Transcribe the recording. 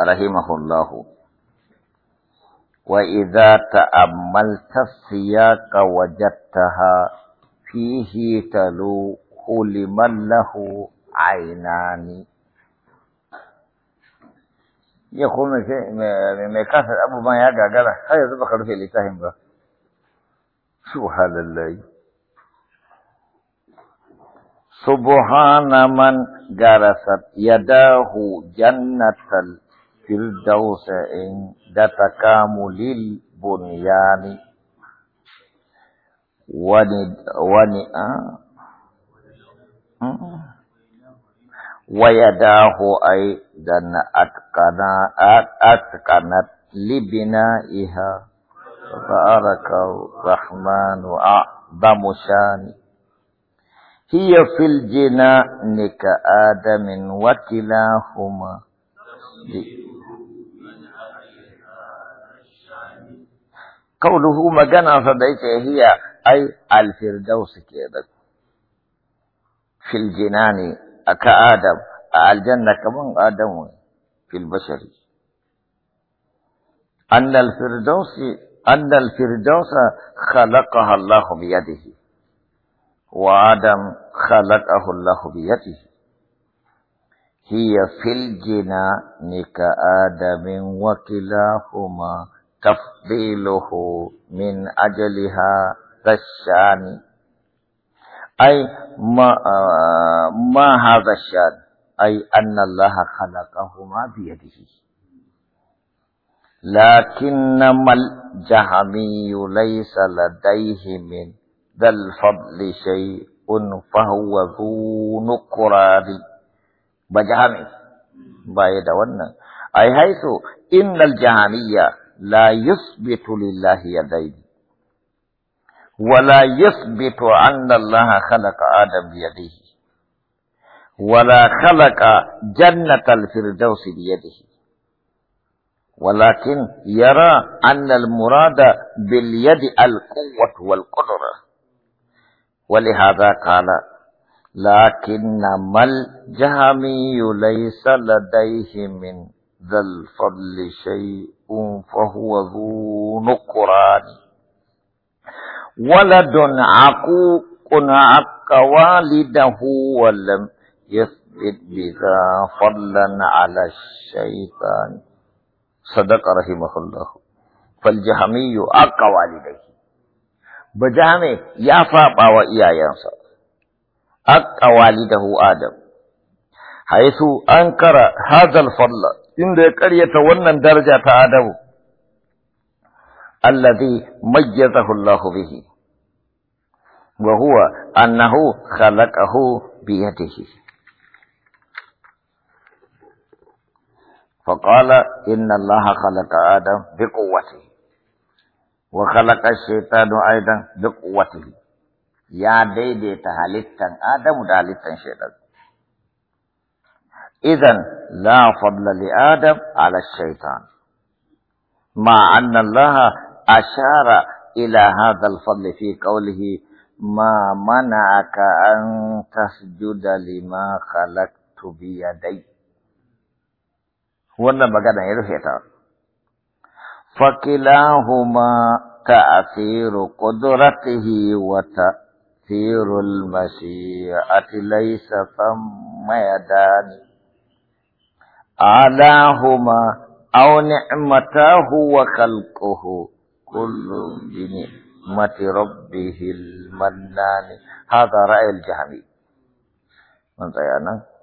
رحمه الله وإذا تأملت السياق وجدتها فيه تلوح لمن له عينان يقول من كافر أبو ما يقع قال هيا تبقى في شو سبحان الله سبحان من جرست يداه جنة الفردوس عند تكامل البنيان وند ون آه. آه. ويداه أيضا أتقنا أتقنت لبنائها تبارك الرحمن أعظم شان هي في الجنان كآدم وكلاهما قوله ما جنى فبيت هي اي الفردوس كده في الجنان كادم الجنه كمان ادم في البشر ان الفردوس ان الفردوس خلقها الله بيده وادم خلقه الله بيده هي في الجنان كادم وكلاهما تفضيله من أجلها كالشان أي ما, ما هذا الشان أي أن الله خلقهما بيده لكنما الجهمي ليس لديه من ذا الفضل شيء فهو ذو نقران بجهمي بايد ونن أي حيث إن الجهمية لا يثبت لله يدين ولا يثبت أن الله خلق آدم بيده ولا خلق جنة الفردوس بيده ولكن يرى أن المراد باليد القوة والقدرة ولهذا قال لكن ما الجهمي ليس لديه من ذا الفضل شيء شيء فهو ذو نقران ولد عقوق عق والده ولم يثبت بذا فضلا على الشيطان صدق رحمه الله فالجهمي عق والديه بجامي يا ويا وإيايا عق والده آدم حيث أنكر هذا الفضل inda ya karyata wannan daraja ta adabu alladhi mayyazahu Allah bihi wa huwa annahu khalaqahu bi yadihi فقال إن الله خلق آدم بقوته وخلق الشيطان أيضا بقوته يا ديدي تهالتن آدم دالتن شيطان إذا لا فضل لآدم على الشيطان مع أن الله أشار إلى هذا الفضل في قوله ما منعك أن تسجد لما خلقت بيدي وانا بغانا يروح فكلاهما تأثير قدرته وتأثير المشيئة ليس ثم يداني علاهما أو نعمتاه وخلقه كل بنعمة ربه المنان هذا رأي الجهمي من طيانا